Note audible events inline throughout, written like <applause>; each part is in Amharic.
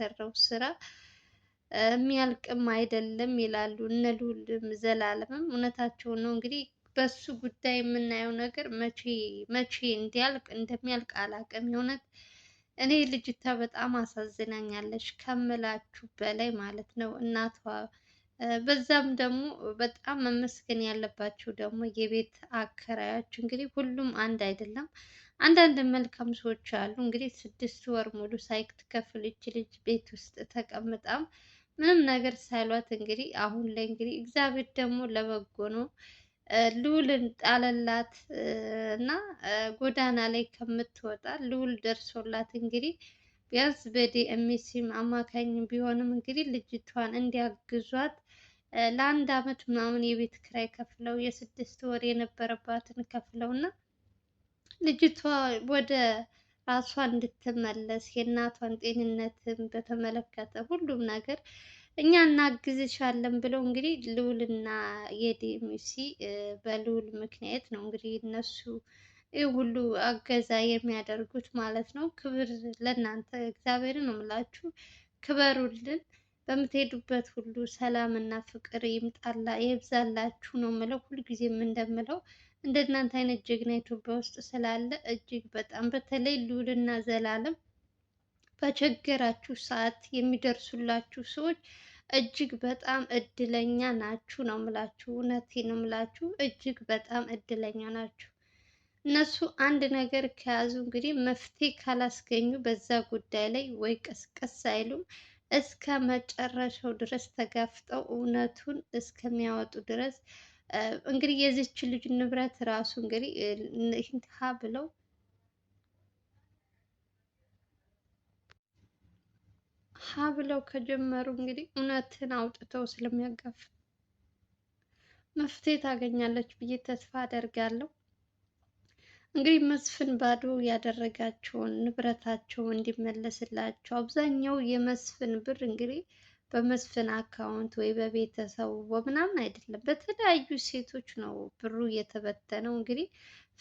የሰራው ስራ የሚያልቅም አይደለም ይላሉ እነ ልዑልም ዘላለምም እውነታቸው ነው። እንግዲህ በሱ ጉዳይ የምናየው ነገር መቼ መቼ እንዲያልቅ እንደሚያልቅ አላውቅም። የእውነት እኔ ልጅቷ በጣም አሳዝናኛለች ከምላችሁ በላይ ማለት ነው እናቷ በዛም ደግሞ በጣም መመስገን ያለባችሁ ደግሞ የቤት አከራያችሁ እንግዲህ ሁሉም አንድ አይደለም። አንዳንድ መልካም ሰዎች አሉ። እንግዲህ ስድስት ወር ሙሉ ሳትከፍል ይች ልጅ ቤት ውስጥ ተቀምጣም ምንም ነገር ሳይሏት እንግዲህ አሁን ላይ እንግዲህ እግዚአብሔር ደግሞ ለበጎ ነው ልዑልን ጣለላት እና ጎዳና ላይ ከምትወጣ ልዑል ደርሶላት እንግዲህ ቢያንስ በዲኤምሲ አማካኝ ቢሆንም እንግዲህ ልጅቷን እንዲያግዟት ለአንድ አመት ምናምን የቤት ክራይ ከፍለው የስድስት ወር የነበረባትን ከፍለው እና ልጅቷ ወደ ራሷ እንድትመለስ የእናቷን ጤንነትን በተመለከተ ሁሉም ነገር እኛ እናግዝሻለን ብለው እንግዲህ ልዑልና የዲኤምሲ በልዑል ምክንያት ነው እንግዲህ እነሱ ይህ ሁሉ አገዛ የሚያደርጉት ማለት ነው። ክብር ለእናንተ እግዚአብሔርን ነው የምላችሁ፣ ክበሩልን። በምትሄዱበት ሁሉ ሰላም እና ፍቅር ይምጣላ ይብዛላችሁ ነው የምለው። ሁልጊዜም እንደምለው እናንተ አይነት ጀግና ኢትዮጵያ ውስጥ ስላለ እጅግ በጣም በተለይ እና ዘላለም በቸገራችሁ ሰዓት የሚደርሱላችሁ ሰዎች እጅግ በጣም እድለኛ ናችሁ ነው የምላችሁ። እውነቴን ነው የምላችሁ፣ እጅግ በጣም እድለኛ ናችሁ። እነሱ አንድ ነገር ከያዙ እንግዲህ መፍትሄ ካላስገኙ በዛ ጉዳይ ላይ ወይ ቀስቀስ አይሉም። እስከ መጨረሻው ድረስ ተጋፍጠው እውነቱን እስከሚያወጡ ድረስ እንግዲህ የዚች ልጅ ንብረት ራሱ እንግዲህ ይህንታ ብለው ሀ ብለው ከጀመሩ እንግዲህ እውነትን አውጥተው ስለሚያጋፍ መፍትሄ ታገኛለች ብዬ ተስፋ አደርጋለሁ። እንግዲህ መስፍን ባዶ ያደረጋቸውን ንብረታቸው እንዲመለስላቸው አብዛኛው የመስፍን ብር እንግዲህ በመስፍን አካውንት ወይ በቤተሰቡ በምናምን አይደለም፣ በተለያዩ ሴቶች ነው ብሩ የተበተነው። እንግዲህ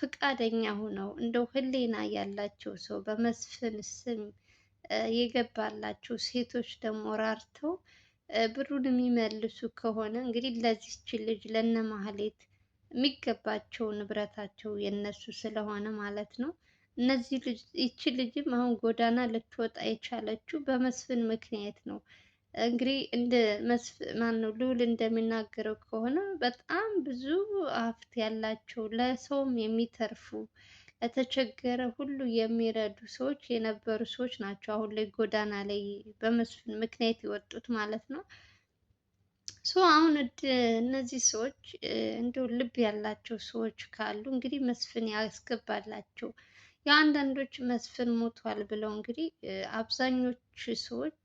ፍቃደኛ ሆነው እንደው ህሊና ያላቸው ሰው በመስፍን ስም የገባላቸው ሴቶች ደግሞ ራርተው ብሩን የሚመልሱ ከሆነ እንግዲህ ለዚች ልጅ ለነ ማህሌት የሚገባቸው ንብረታቸው የነሱ ስለሆነ ማለት ነው። እነዚህ ልጅ ይቺ ልጅም አሁን ጎዳና ልትወጣ የቻለችው በመስፍን ምክንያት ነው። እንግዲህ እንደ መስፍን ማነው ልዑል እንደሚናገረው ከሆነ በጣም ብዙ ሀብት ያላቸው ለሰውም የሚተርፉ ለተቸገረ ሁሉ የሚረዱ ሰዎች የነበሩ ሰዎች ናቸው። አሁን ላይ ጎዳና ላይ በመስፍን ምክንያት የወጡት ማለት ነው። ሶ አሁን እነዚህ ሰዎች እንዲሁ ልብ ያላቸው ሰዎች ካሉ እንግዲህ መስፍን ያስገባላቸው። የአንዳንዶች መስፍን ሞቷል ብለው እንግዲህ አብዛኞቹ ሰዎች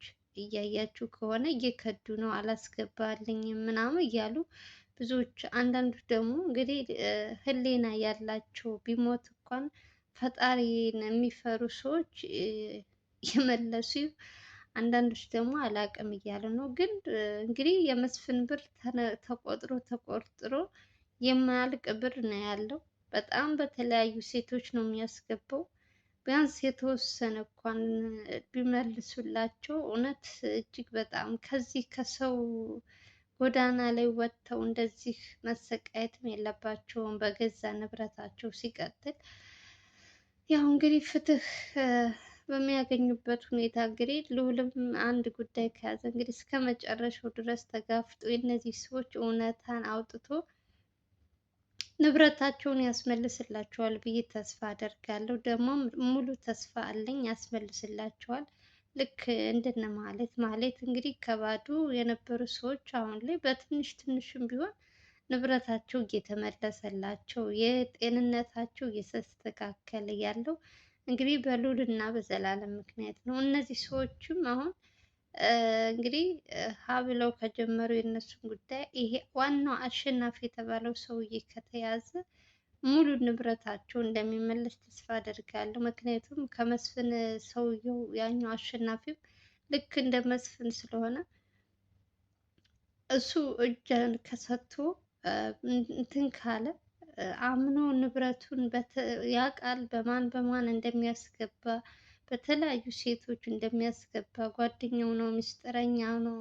እያያችሁ ከሆነ እየከዱ ነው፣ አላስገባልኝም ምናምን እያሉ ብዙዎች። አንዳንዱ ደግሞ እንግዲህ ሕሊና ያላቸው ቢሞት እንኳን ፈጣሪን የሚፈሩ ሰዎች የመለሱ አንዳንዶች ደግሞ አላቅም እያለ ነው። ግን እንግዲህ የመስፍን ብር ተቆጥሮ ተቆርጥሮ የማያልቅ ብር ነው ያለው። በጣም በተለያዩ ሴቶች ነው የሚያስገባው። ቢያንስ የተወሰነ እንኳን ቢመልሱላቸው እውነት እጅግ በጣም ከዚህ ከሰው ጎዳና ላይ ወጥተው እንደዚህ መሰቃየትም የለባቸውም በገዛ ንብረታቸው። ሲቀጥል ያው እንግዲህ ፍትህ በሚያገኙበት ሁኔታ እንግዲህ ልዑልም አንድ ጉዳይ ከያዘ እንግዲህ እስከ መጨረሻው ድረስ ተጋፍጦ የእነዚህ ሰዎች እውነታን አውጥቶ ንብረታቸውን ያስመልስላቸዋል ብዬ ተስፋ አደርጋለሁ። ደግሞ ሙሉ ተስፋ አለኝ ያስመልስላቸዋል። ልክ እንደነ ማለት ማለት እንግዲህ ከባዱ የነበሩ ሰዎች አሁን ላይ በትንሽ ትንሽም ቢሆን ንብረታቸው እየተመለሰላቸው የጤንነታቸው እየተስተካከለ ያለው እንግዲህ በሉል እና በዘላለም ምክንያት ነው። እነዚህ ሰዎችም አሁን እንግዲህ ሀብለው ከጀመሩ የእነሱን ጉዳይ ይሄ ዋናው አሸናፊ የተባለው ሰውዬ ከተያዘ ሙሉ ንብረታቸው እንደሚመለስ ተስፋ አደርጋለሁ። ምክንያቱም ከመስፍን ሰውየው ያኛው አሸናፊው ልክ እንደ መስፍን ስለሆነ እሱ እጃን ከሰጥቶ እንትን ካለ አምኖ ንብረቱን ያውቃል፣ በማን በማን እንደሚያስገባ በተለያዩ ሴቶች እንደሚያስገባ ጓደኛው ነው፣ ምስጢረኛ ነው።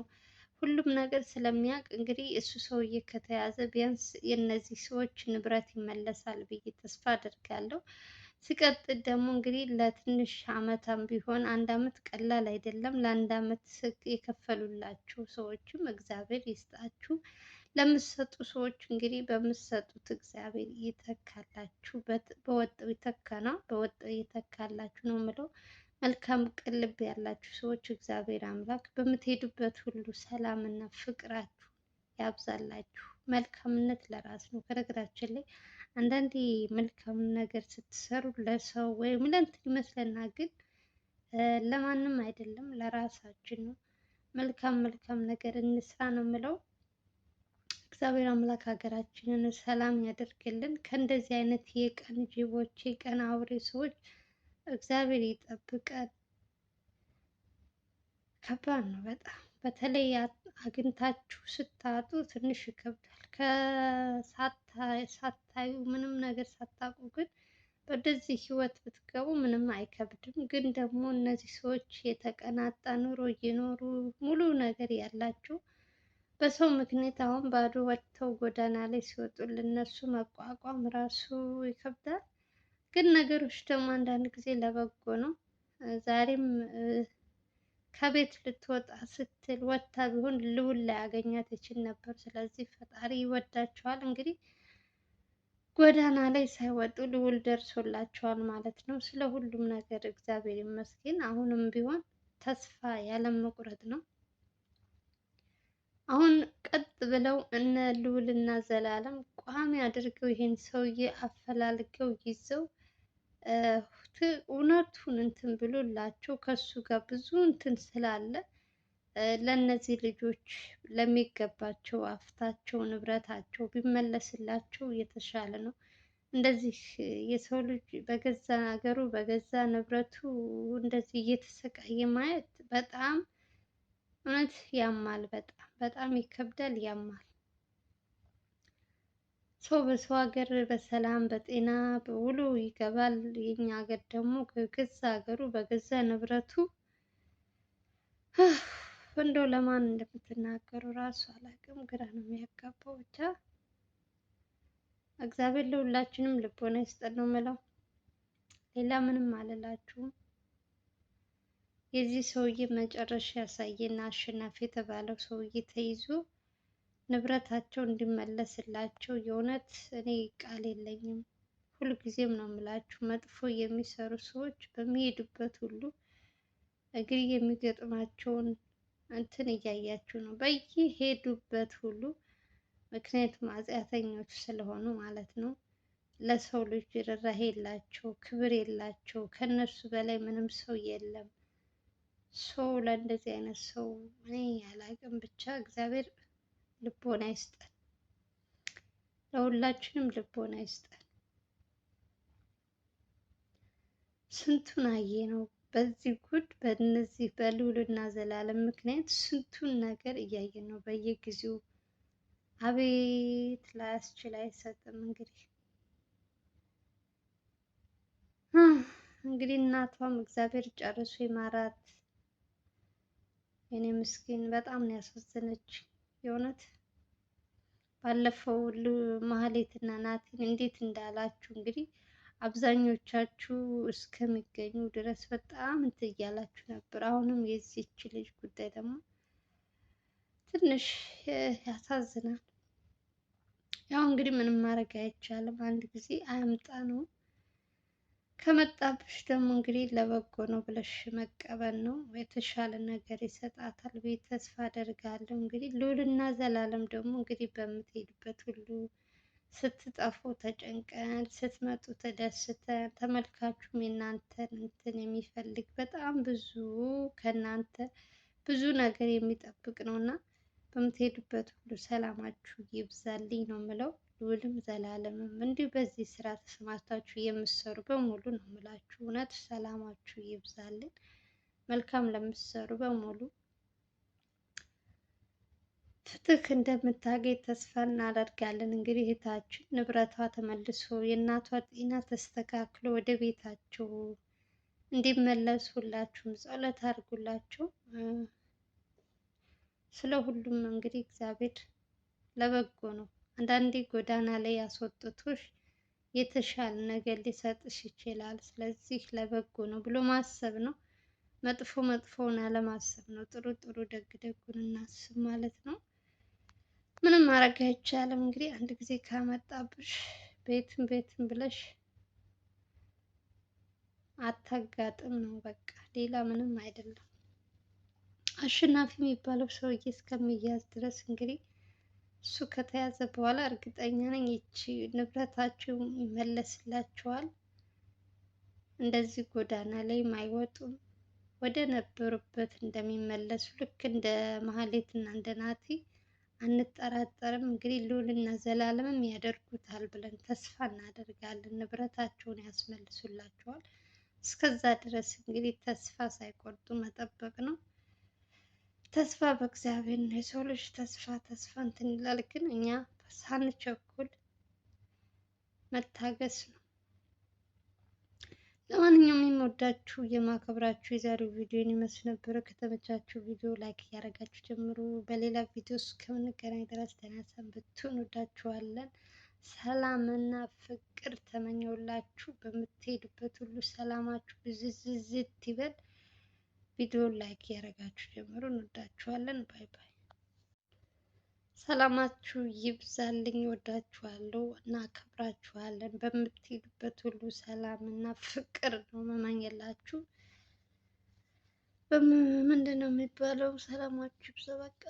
ሁሉም ነገር ስለሚያውቅ እንግዲህ እሱ ሰውዬ ከተያዘ ቢያንስ የእነዚህ ሰዎች ንብረት ይመለሳል ብዬ ተስፋ አድርጋለሁ። ሲቀጥል ደግሞ እንግዲህ ለትንሽ አመታም ቢሆን አንድ አመት ቀላል አይደለም። ለአንድ አመት የከፈሉላችሁ ሰዎችም እግዚአብሔር ይስጣችሁ። ለምትሰጡ ሰዎች እንግዲህ በምትሰጡት እግዚአብሔር ይተካላችሁ። በወጣው ይተካ ነው፣ በወጣው ይተካላችሁ ነው የምለው። መልካም ቅልብ ያላችሁ ሰዎች እግዚአብሔር አምላክ በምትሄዱበት ሁሉ ሰላምና ፍቅራችሁ ያብዛላችሁ። መልካምነት ለራስ ነው። ከነገራችን ላይ አንዳንዴ መልካም ነገር ስትሰሩ ለሰው ወይም ለእንትን ይመስለና ግን ለማንም አይደለም፣ ለራሳችን ነው። መልካም መልካም ነገር እንስራ ነው የምለው። እግዚአብሔር አምላክ ሀገራችንን ሰላም ያደርግልን። ከእንደዚህ አይነት የቀን ጅቦች፣ የቀን አውሬ ሰዎች እግዚአብሔር ይጠብቀን። ከባድ ነው በጣም በተለይ አግኝታችሁ ስታጡ ትንሽ ይከብዳል። ከሳታዩ ምንም ነገር ሳታውቁ ግን ወደዚህ ህይወት ብትገቡ ምንም አይከብድም። ግን ደግሞ እነዚህ ሰዎች የተቀናጣ ኑሮ እየኖሩ ሙሉ ነገር ያላቸው በሰው ምክንያት አሁን ባዶ ወጥተው ጎዳና ላይ ሲወጡ ለነሱ መቋቋም ራሱ ይከብዳል። ግን ነገሮች ደግሞ አንዳንድ ጊዜ ለበጎ ነው። ዛሬም ከቤት ልትወጣ ስትል ወጥታ ቢሆን ልውል ላይ አገኛት ይችል ነበር። ስለዚህ ፈጣሪ ይወዳቸዋል። እንግዲህ ጎዳና ላይ ሳይወጡ ልዑል ደርሶላቸዋል ማለት ነው። ስለ ሁሉም ነገር እግዚአብሔር ይመስገን። አሁንም ቢሆን ተስፋ ያለ መቁረጥ ነው። አሁን ቀጥ ብለው እነ እና ዘላለም ቋሚ አድርገው ይሄን ሰውዬ አፈላልገው ይዘው እውነቱን እንትን ብሎላቸው ከሱ ጋር ብዙ እንትን ስላለ ለእነዚህ ልጆች ለሚገባቸው አፍታቸው ንብረታቸው ቢመለስላቸው የተሻለ ነው። እንደዚህ የሰው ልጅ በገዛ ሀገሩ በገዛ ንብረቱ እንደዚህ እየተሰቃየ ማየት በጣም እውነት ያማል በጣም በጣም ይከብዳል፣ ያማል። ሰው በሰው ሀገር በሰላም በጤና ውሎ ይገባል። የኛ ሀገር ደግሞ በገዛ ሀገሩ በገዛ ንብረቱ <sighs> እንደው ለማን እንደምትናገሩ ራሱ አላውቅም። ግራ ነው የሚያጋባው። ብቻ እግዚአብሔር ለሁላችንም ልቦና ይስጠን ነው የምለው። ሌላ ምንም አልላችሁም። የዚህ ሰውዬ መጨረሻ ያሳየን። አሸናፊ የተባለው ሰውዬ ተይዞ ንብረታቸው እንዲመለስላቸው የእውነት እኔ ቃል የለኝም። ሁልጊዜም ነው የምላችሁ መጥፎ የሚሰሩ ሰዎች በሚሄዱበት ሁሉ እግር የሚገጥማቸውን እንትን እያያችሁ ነው በየሄዱበት ሁሉ ምክንያቱም አጽያተኞች ስለሆኑ ማለት ነው። ለሰው ልጅ ርህራሄ የላቸው፣ ክብር የላቸው። ከነሱ በላይ ምንም ሰው የለም። ሰው ለእንደዚህ አይነት ሰው እኔ አላቅም። ብቻ እግዚአብሔር ልቦና ይስጠን፣ ለሁላችንም ልቦና ይስጠን። ስንቱን አየ ነው በዚህ ጉድ በእነዚህ እና ዘላለም ምክንያት ስንቱን ነገር እያየን ነው በየጊዜው። አቤት ላያስችል አይሰጥም። እንግዲህ እንግዲህ እናቷም እግዚአብሔር ጨርሶ ይማራት። የኔ ምስኪን በጣም ነው ያሳዘነች። የእውነት ባለፈው ማህሌትና ናቲን እንዴት እንዳላችሁ እንግዲህ አብዛኞቻችሁ እስከሚገኙ ድረስ በጣም እንትን እያላችሁ ነበር። አሁንም የዚች ልጅ ጉዳይ ደግሞ ትንሽ ያሳዝናል። ያው እንግዲህ ምንም ማድረግ አይቻልም። አንድ ጊዜ አያምጣ ነው ከመጣብሽ ደግሞ እንግዲህ ለበጎ ነው ብለሽ መቀበል ነው። የተሻለ ነገር ይሰጣታል ብዬ ተስፋ አደርጋለሁ። እንግዲህ ልዑልና ዘላለም ደግሞ እንግዲህ በምትሄድበት ሁሉ ስትጠፉ ተጨንቀን ስትመጡ ተደስተን ተመልካቹም የእናንተን እንትን የሚፈልግ በጣም ብዙ ከእናንተ ብዙ ነገር የሚጠብቅ ነው እና በምትሄዱበት ሁሉ ሰላማችሁ ይብዛልኝ ነው የምለው። ልዑልም ዘላለምም እንዲሁ በዚህ ስራ ተሰማርታችሁ የምትሰሩ በሙሉ ነው የምላችሁ። እውነት ሰላማችሁ ይብዛልን። መልካም ለምትሰሩ በሙሉ ፍትህ እንደምታገኝ ተስፋ እናደርጋለን። እንግዲህ እህታችን ንብረቷ ተመልሶ የእናቷ ጤና ተስተካክሎ ወደ ቤታቸው እንዲመለሱ ሁላችሁም ጸሎት አድርጉላቸው። ስለ ሁሉም እንግዲህ እግዚአብሔር ለበጎ ነው። አንዳንዴ ጎዳና ላይ ያስወጥቶሽ የተሻለ ነገር ሊሰጥሽ ይችላል። ስለዚህ ለበጎ ነው ብሎ ማሰብ ነው። መጥፎ መጥፎውን አለማሰብ ነው። ጥሩ ጥሩ ደግ ደጉን እናስብ ማለት ነው። ምንም ማድረግ አይቻልም። እንግዲህ አንድ ጊዜ ካመጣብሽ ቤትም ቤትም ብለሽ አታጋጥም ነው በቃ፣ ሌላ ምንም አይደለም። አሸናፊ የሚባለው ሰውዬ እስከሚያዝ ድረስ እንግዲህ እሱ ከተያዘ በኋላ እርግጠኛ ነኝ ይቺ ንብረታቸው ይመለስላቸዋል። እንደዚህ ጎዳና ላይም አይወጡም። ወደ ነበሩበት እንደሚመለሱ ልክ እንደ ማህሌት እና እንደ ናቲ አንጠራጠርም። እንግዲህ እና ዘላለምም ያደርጉታል ብለን ተስፋ እናደርጋለን። ንብረታቸውን ያስመልሱላቸዋል። እስከዛ ድረስ እንግዲህ ተስፋ ሳይቆርጡ መጠበቅ ነው። ተስፋ በእግዚአብሔር ነው። የሰው ልጅ ተስፋ ተስፋ እንትን ይላል፣ ግን እኛ ሳንቸኩል መታገስ ነው። ለማንኛውም የሚወዳችሁ የማከብራችሁ የዛሬው ቪዲዮ ይመስል ነበረ። ከተመቻችሁ ቪዲዮ ላይክ እያደረጋችሁ ጀምሩ። በሌላ ቪዲዮ እስከምንገናኝ ድረስ ደህና ሰንብቱ። እንወዳችኋለን። ሰላምና ፍቅር ተመኘውላችሁ። በምትሄዱበት ሁሉ ሰላማችሁ ብዝዝዝት ይበል። ቪዲዮን ላይክ እያደረጋችሁ ጀምሮ እንወዳችኋለን። ባይ ባይ። ሰላማችሁ ይብዛልኝ። ወዳችኋለሁ እና አከብራችኋለን። በምትሄዱበት ሁሉ ሰላም እና ፍቅር ነው መመኘላችሁ። ምንድን ነው የሚባለው? ሰላማችሁ ይብዛ በቃ።